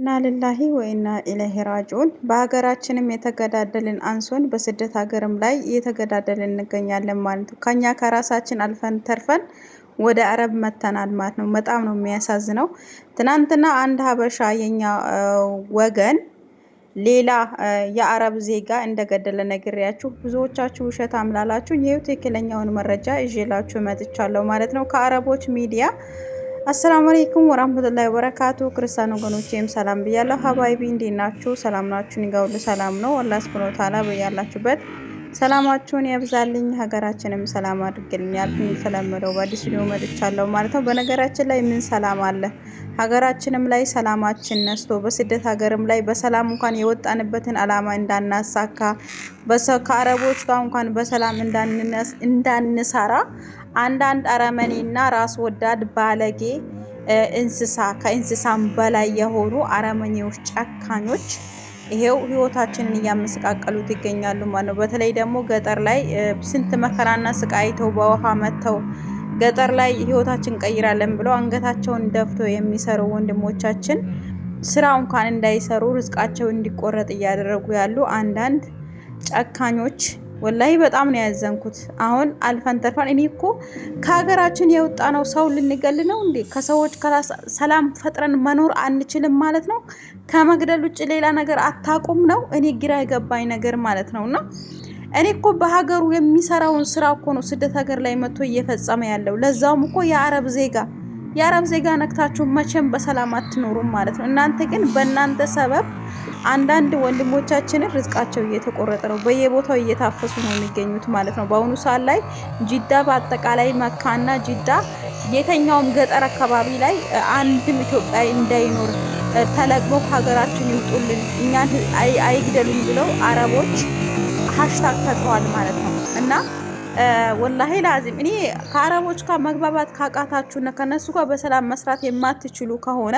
እና ልላሂ ወይና ኢለህ ራጅዑን። በሀገራችንም የተገዳደልን አንሶን በስደት ሀገርም ላይ እየተገዳደልን እንገኛለን ማለት ነው። ከኛ ከራሳችን አልፈን ተርፈን ወደ አረብ መተናል ማለት ነው። በጣም ነው የሚያሳዝነው። ትናንትና አንድ ሀበሻ የኛ ወገን ሌላ የአረብ ዜጋ እንደገደለ ነግሬያችሁ ብዙዎቻችሁ ውሸት አምላላችሁ። ይህ ትክክለኛውን መረጃ ይዤላችሁ መጥቻለሁ ማለት ነው ከአረቦች ሚዲያ አሰላሙ አለይኩም ወራህመቱላሂ ወበረካቱ። ክርስቲያን ወገኖቼም ሰላም ብያለሁ። ሀባይቢ እንዴት ናችሁ? ሰላም ናችሁ? ሰላም ነው። አላህ ሱብሃነሁ ወተዓላ በያላችሁበት ሰላማችሁን ያብዛልኝ፣ ሀገራችንም ሰላም ያልኩ የተለመደው በአዲስ ቪዲዮ መጥቻለሁ ማለት ነው። በነገራችን ላይ ምን ሰላም አለ? ሀገራችንም ላይ ሰላማችን ነስቶ በስደት ሀገርም ላይ በሰላም እንኳን የወጣንበትን አላማ እንዳናሳካ ከአረቦች ጋር እንኳን በሰላም እንዳንሰራ አንዳንድ አረመኔና ራስ ወዳድ ባለጌ እንስሳ ከእንስሳም በላይ የሆኑ አረመኔዎች፣ ጨካኞች ይሄው ህይወታችንን እያመሰቃቀሉት ይገኛሉ ማለት ነው። በተለይ ደግሞ ገጠር ላይ ስንት መከራና ስቃይ አይተው በውሃ መጥተው ገጠር ላይ ህይወታችን ቀይራለን ብለው አንገታቸውን ደፍቶ የሚሰሩ ወንድሞቻችን ስራው እንኳን እንዳይሰሩ ርዝቃቸው እንዲቆረጥ እያደረጉ ያሉ አንዳንድ ጨካኞች ወላይ በጣም ነው ያዘንኩት። አሁን አልፈን ተርፈን እኔ እኮ ከሀገራችን የወጣ ነው ሰው ልንገል ነው እንዴ? ከሰዎች ሰላም ፈጥረን መኖር አንችልም ማለት ነው? ከመግደል ውጭ ሌላ ነገር አታቁም ነው? እኔ ግራ የገባኝ ነገር ማለት ነው። እና እኔ እኮ በሀገሩ የሚሰራውን ስራ እኮ ነው ስደት ሀገር ላይ መጥቶ እየፈጸመ ያለው ለዛውም እኮ የአረብ ዜጋ የአረብ ዜጋ ነክታችሁ መቼም በሰላም አትኖሩም ማለት ነው። እናንተ ግን በእናንተ ሰበብ አንዳንድ ወንድሞቻችንን ርዝቃቸው እየተቆረጠ ነው፣ በየቦታው እየታፈሱ ነው የሚገኙት ማለት ነው። በአሁኑ ሰዓት ላይ ጅዳ በአጠቃላይ መካና ጅዳ የተኛውም ገጠር አካባቢ ላይ አንድም ኢትዮጵያዊ እንዳይኖር ተለቅሞ ከሀገራችን ይውጡልን እኛን አይግደሉን ብለው አረቦች ሀሽታግ ፈጥረዋል ማለት ነው እና ወላሂ ላዚም እኔ ከአረቦች ጋር መግባባት ካቃታችሁና ከነሱ ጋር በሰላም መስራት የማትችሉ ከሆነ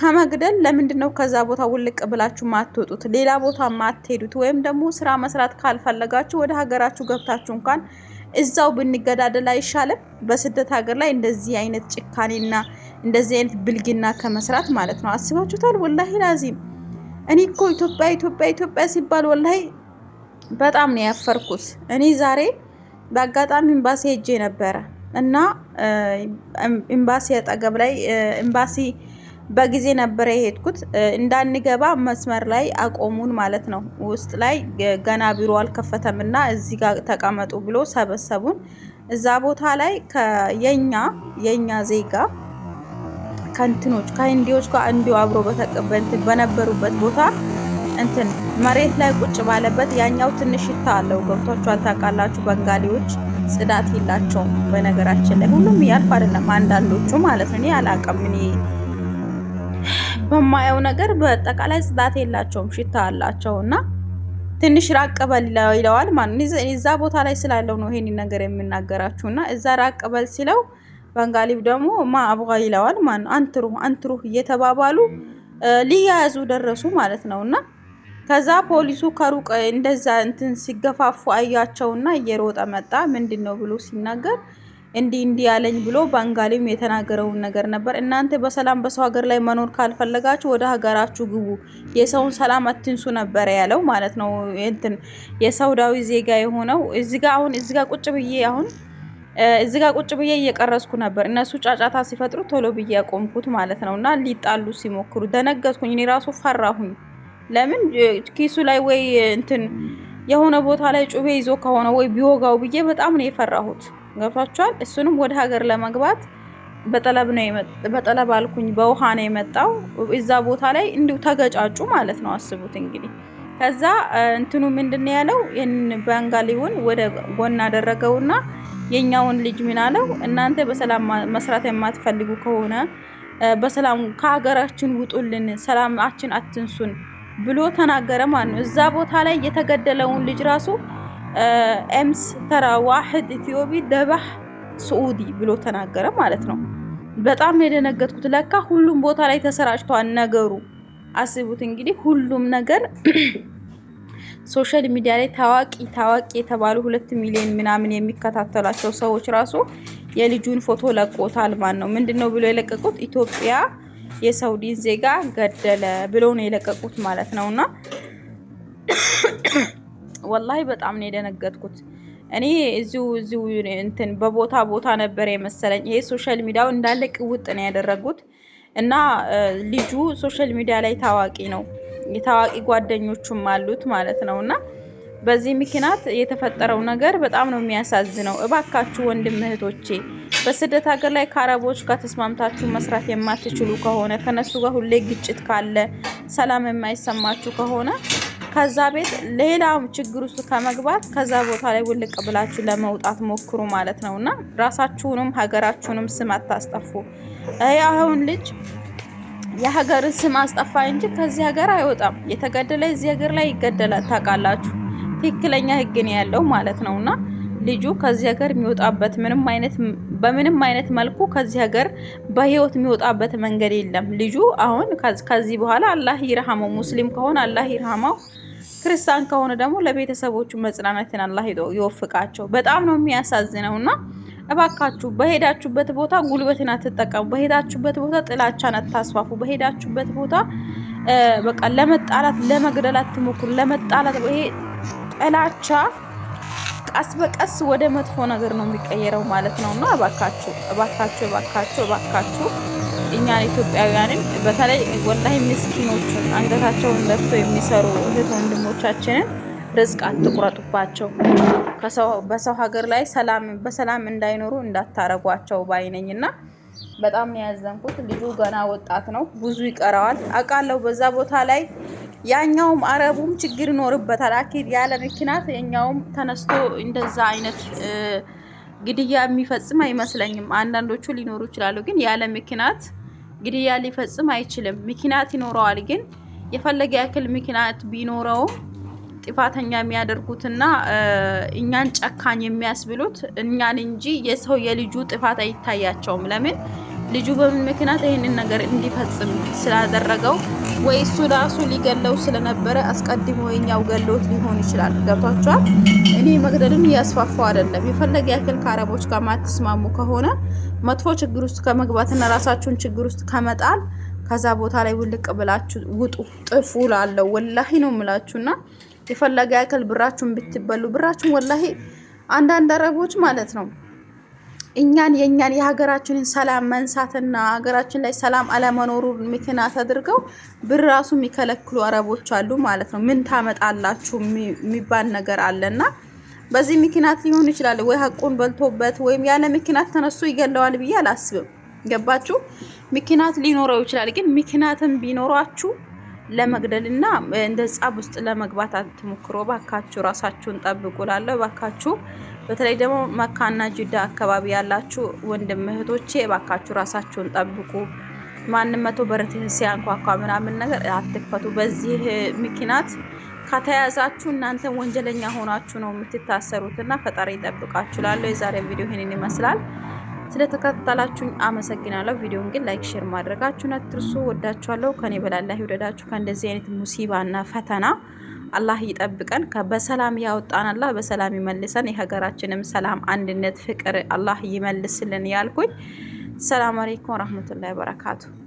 ከመግደል ለምንድን ነው ከዛ ቦታ ውልቅ ብላችሁ ማትወጡት? ሌላ ቦታ ማትሄዱት? ወይም ደግሞ ስራ መስራት ካልፈለጋችሁ ወደ ሀገራችሁ ገብታችሁ እንኳን እዛው ብንገዳደል አይሻልም? በስደት ሀገር ላይ እንደዚህ አይነት ጭካኔና እንደዚህ አይነት ብልግና ከመስራት ማለት ነው። አስባችሁታል? ወላሂ ላዚም እኔ እኮ ኢትዮጵያ ኢትዮጵያ ኢትዮጵያ ሲባል ወላሂ በጣም ነው ያፈርኩት። እኔ ዛሬ በአጋጣሚ ኤምባሲ ሄጄ ነበረ እና ኤምባሲ አጠገብ ላይ ኤምባሲ በጊዜ ነበረ የሄድኩት። እንዳንገባ መስመር ላይ አቆሙን ማለት ነው። ውስጥ ላይ ገና ቢሮ አልከፈተም እና እዚህ ጋር ተቀመጡ ብሎ ሰበሰቡን። እዛ ቦታ ላይ የኛ የኛ ዜጋ ከንትኖች ከህንዲዎች ጋር እንዲሁ አብሮ በነበሩበት ቦታ እንትን መሬት ላይ ቁጭ ባለበት ያኛው ትንሽ ሽታ አለው። ገብቷችሁ አልታውቃላችሁ። በንጋሌዎች ጽዳት የላቸውም። በነገራችን ላይ ሁሉም እያልኩ አይደለም፣ አንዳንዶቹ ማለት ነው። እኔ አላውቅም እኔ በማየው ነገር በአጠቃላይ ጽዳት የላቸውም፣ ሽታ አላቸው እና ትንሽ ራቅ በል ይለዋል ማለት ነው። እዛ ቦታ ላይ ስላለው ነው ይሄን ነገር የምናገራችሁ እና እዛ ራቅ በል ሲለው በንጋሊብ ደግሞ ማ አብጋ ይለዋል ማለት ነው። አንትሩህ አንትሩህ እየተባባሉ ሊያያዙ ደረሱ ማለት ነው እና ከዛ ፖሊሱ ከሩቅ እንደዛ እንትን ሲገፋፉ አያቸውና እየሮጠ መጣ። ምንድን ነው ብሎ ሲናገር እንዲህ እንዲህ ያለኝ ብሎ ባንጋሊም የተናገረውን ነገር ነበር። እናንተ በሰላም በሰው ሀገር ላይ መኖር ካልፈለጋችሁ ወደ ሀገራችሁ ግቡ፣ የሰውን ሰላም አትንሱ ነበረ ያለው ማለት ነው። እንትን የሳውዳዊ ዜጋ የሆነው እዚጋ አሁን እዚጋ ቁጭ ብዬ አሁን እዚጋ ቁጭ ብዬ እየቀረስኩ ነበር። እነሱ ጫጫታ ሲፈጥሩ ቶሎ ብዬ ያቆምኩት ማለት ነው። እና ሊጣሉ ሲሞክሩ ደነገጥኩኝ። እኔ ራሱ ፈራሁኝ። ለምን ኪሱ ላይ ወይ እንትን የሆነ ቦታ ላይ ጩቤ ይዞ ከሆነ ወይ ቢወጋው ብዬ በጣም ነው የፈራሁት። ገብቷቸዋል። እሱንም ወደ ሀገር ለመግባት በጠለብ ነው በጠለብ አልኩኝ፣ በውሃ ነው የመጣው። እዛ ቦታ ላይ እንዲሁ ተገጫጩ ማለት ነው። አስቡት እንግዲህ። ከዛ እንትኑ ምንድን ያለው ይህን በንጋሊውን ወደ ጎን አደረገውና የኛውን ልጅ ምን አለው? እናንተ በሰላም መስራት የማትፈልጉ ከሆነ በሰላም ከሀገራችን ውጡልን፣ ሰላማችን አትንሱን ብሎ ተናገረ ማለት ነው። እዛ ቦታ ላይ የተገደለውን ልጅ ራሱ ኤምስ ተራ ዋህድ ኢትዮጵ ደባህ ስዑዲ ብሎ ተናገረ ማለት ነው። በጣም የደነገጥኩት። ለካ ሁሉም ቦታ ላይ ተሰራጭቷል ነገሩ። አስቡት እንግዲህ ሁሉም ነገር ሶሻል ሚዲያ ላይ ታዋቂ ታዋቂ የተባሉ ሁለት ሚሊዮን ምናምን የሚከታተሏቸው ሰዎች ራሱ የልጁን ፎቶ ለቆታል። ማን ነው ምንድን ነው ብሎ የለቀቁት ኢትዮጵያ የሳውዲን ዜጋ ገደለ ብሎ ነው የለቀቁት ማለት ነው እና ወላሂ በጣም ነው የደነገጥኩት። እኔ እዚሁ እዚሁ እንትን በቦታ ቦታ ነበር የመሰለኝ። ይሄ ሶሻል ሚዲያው እንዳለ ቅውጥ ነው ያደረጉት እና ልጁ ሶሻል ሚዲያ ላይ ታዋቂ ነው፣ የታዋቂ ጓደኞቹም አሉት ማለት ነው። እና በዚህ ምክንያት የተፈጠረው ነገር በጣም ነው የሚያሳዝነው። እባካችሁ ወንድም እህቶቼ በስደት ሀገር ላይ ከአረቦች ጋር ተስማምታችሁ መስራት የማትችሉ ከሆነ ከነሱ ጋር ሁሌ ግጭት ካለ ሰላም የማይሰማችሁ ከሆነ ከዛ ቤት ሌላም ችግር ውስጥ ከመግባት ከዛ ቦታ ላይ ውልቅ ብላችሁ ለመውጣት ሞክሩ ማለት ነው እና ራሳችሁንም ሀገራችሁንም ስም አታስጠፉ። አሁን ልጅ የሀገርን ስም አስጠፋ እንጂ ከዚህ ሀገር አይወጣም። የተገደለ እዚህ ሀገር ላይ ይገደላል። ታውቃላችሁ፣ ትክክለኛ ህግን ያለው ማለት ነው እና ልጁ ከዚህ ሀገር የሚወጣበት ምንም አይነት በምንም አይነት መልኩ ከዚህ ሀገር በህይወት የሚወጣበት መንገድ የለም። ልጁ አሁን ከዚህ በኋላ አላህ ይርሃመው፣ ሙስሊም ከሆነ አላህ ይረሃመው ክርስቲያን ከሆነ ደግሞ ለቤተሰቦቹ መጽናናትን አላህ ይወፍቃቸው። በጣም ነው የሚያሳዝነው እና እባካችሁ በሄዳችሁበት ቦታ ጉልበትን አትጠቀሙ። በሄዳችሁበት ቦታ ጥላቻን አታስፋፉ። በሄዳችሁበት ቦታ በቃ ለመጣላት ለመግደል አትሞክሩ። ለመጣላት ይሄ ጥላቻ ቀስ በቀስ ወደ መጥፎ ነገር ነው የሚቀየረው ማለት ነው። እና እባካችሁ እባካችሁ እባካችሁ እባካችሁ እኛን ኢትዮጵያውያንን በተለይ ወላሂ ምስኪኖችን አንገታቸውን ለፍቶ የሚሰሩ እህት ወንድሞቻችንን ርዝቅ አትቁረጡባቸው። በሰው ሀገር ላይ ሰላም በሰላም እንዳይኖሩ እንዳታረጓቸው ባይነኝ እና በጣም ያዘንኩት ልጁ ገና ወጣት ነው፣ ብዙ ይቀረዋል አውቃለሁ። በዛ ቦታ ላይ ያኛውም አረቡም ችግር ይኖርበታል። አኪድ ያለ ምክንያት የኛውም ተነስቶ እንደዛ አይነት ግድያ የሚፈጽም አይመስለኝም። አንዳንዶቹ ሊኖሩ ይችላሉ፣ ግን ያለ ምክንያት ግድያ ሊፈጽም አይችልም። ምክንያት ይኖረዋል። ግን የፈለገ ያክል ምክንያት ቢኖረውም ጥፋተኛ የሚያደርጉትና እኛን ጨካኝ የሚያስብሉት እኛን እንጂ የሰው የልጁ ጥፋት አይታያቸውም። ለምን ልጁ በምን ምክንያት ይህንን ነገር እንዲፈጽም ስላደረገው ወይ እሱ ራሱ ሊገለው ስለነበረ አስቀድሞ የኛው ገለውት ሊሆን ይችላል። ገብቷቸዋል። እኔ መግደልን እያስፋፋው አይደለም። የፈለገ ያክል ከአረቦች ጋር ማትስማሙ ከሆነ መጥፎ ችግር ውስጥ ከመግባትና ራሳችሁን ችግር ውስጥ ከመጣል ከዛ ቦታ ላይ ውልቅ ብላችሁ ውጡ፣ ጥፉ ላለው ወላሂ ነው ምላችሁና የፈለገ ያክል ብራችሁን ብትበሉ ብራችሁን ወላሂ አንዳንድ አረቦች ማለት ነው እኛን የእኛን የሀገራችንን ሰላም መንሳትና ሀገራችን ላይ ሰላም አለመኖሩ ምክንያት አድርገው ብር ራሱ የሚከለክሉ አረቦች አሉ ማለት ነው። ምን ታመጣላችሁ የሚባል ነገር አለና በዚህ ምክንያት ሊሆን ይችላል ወይ ሀቁን በልቶበት ወይም ያለ ምክንያት ተነሱ ይገለዋል ብዬ አላስብም። ገባችሁ? ምክንያት ሊኖረው ይችላል። ግን ምክንያትም ቢኖራችሁ ለመግደልና እንደ ጻብ ውስጥ ለመግባት አትሞክሮ። ባካችሁ ራሳችሁን ጠብቁላለሁ። ባካችሁ በተለይ ደግሞ መካና ጅዳ አካባቢ ያላችሁ ወንድም እህቶቼ ባካችሁ ራሳችሁን ጠብቁ። ማንም መቶ በር ሲያንኳኳ ምናምን ነገር አትክፈቱ። በዚህ ምክንያት ከተያዛችሁ እናንተም ወንጀለኛ ሆናችሁ ነው የምትታሰሩትና ፈጣሪ ይጠብቃችሁ። ላለው የዛሬ ቪዲዮ ይህንን ይመስላል። ስለተከታተላችሁኝ አመሰግናለሁ። ቪዲዮን ግን ላይክ፣ ሼር ማድረጋችሁን አትርሱ። ወዳችኋለሁ። ከኔ በላላ ይውደዳችሁ። ከእንደዚህ አይነት ሙሲባና ፈተና አላህ ይጠብቀን። በሰላም ያወጣን አላህ በሰላም ይመልሰን። የሀገራችንም ሰላም፣ አንድነት፣ ፍቅር አላህ ይመልስልን ያልኩኝ። ሰላም አለይኩም ወረህመቱላሂ ወበረካቱሁ።